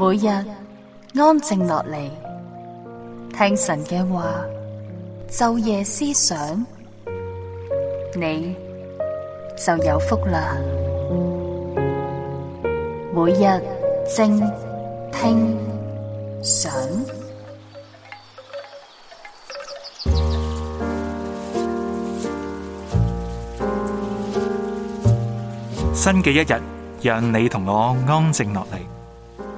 每日安靜落嚟，聽神嘅話，晝夜思想，你就有福啦。每日靜聽想，新嘅一日，讓你同我安靜落嚟。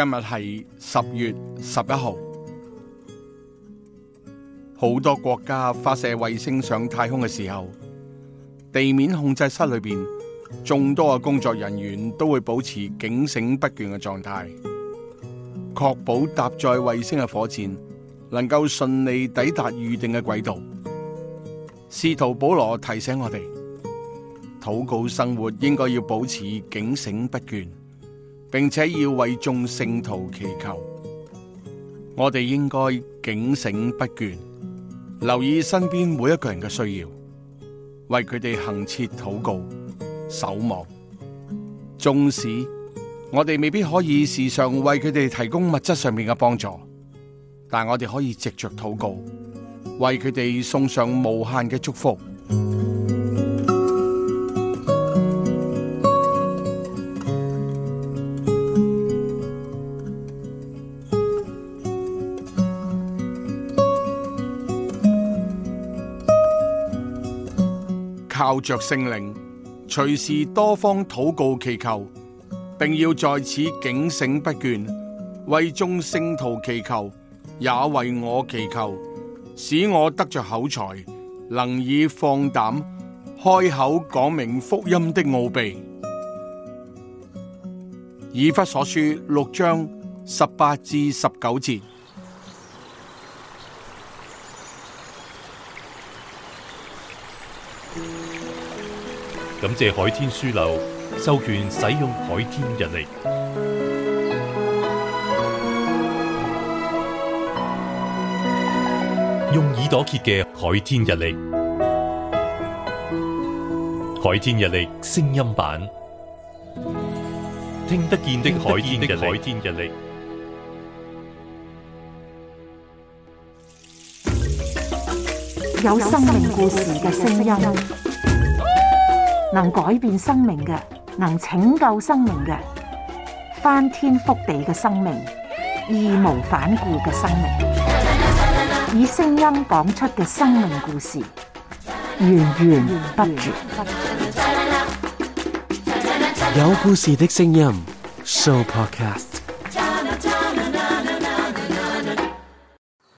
今日係十月十一號。好多國家發射衛星上太空嘅時候，地面控制室裏邊眾多嘅工作人員都會保持警醒不倦嘅狀態，確保搭載衛星嘅火箭能夠順利抵達預定嘅軌道。使徒保羅提醒我哋，禱告生活應該要保持警醒不倦。並且要為眾聖徒祈求，我哋應該警醒不倦，留意身邊每一個人嘅需要，為佢哋恆切禱告、守望。縱使我哋未必可以時常為佢哋提供物質上面嘅幫助，但我哋可以藉着禱告，為佢哋送上無限嘅祝福。靠着聖靈，隨時多方禱告祈求，並要在此警醒不倦，為眾聖徒祈求，也為我祈求，使我得着口才，能以放膽開口講明福音的奧秘。以弗所書六章十八至十九節。感謝海天書樓授權使用海天日曆，用耳朵揭嘅海天日曆，海天日曆聲音版，聽得見的海天嘅海天日曆，有生命故事嘅聲音。能改變生命嘅，能拯救生命嘅，翻天覆地嘅生命，義無反顧嘅生命，以聲音講出嘅生命故事，源源不絕。有故事的聲音，Sooo Podcast。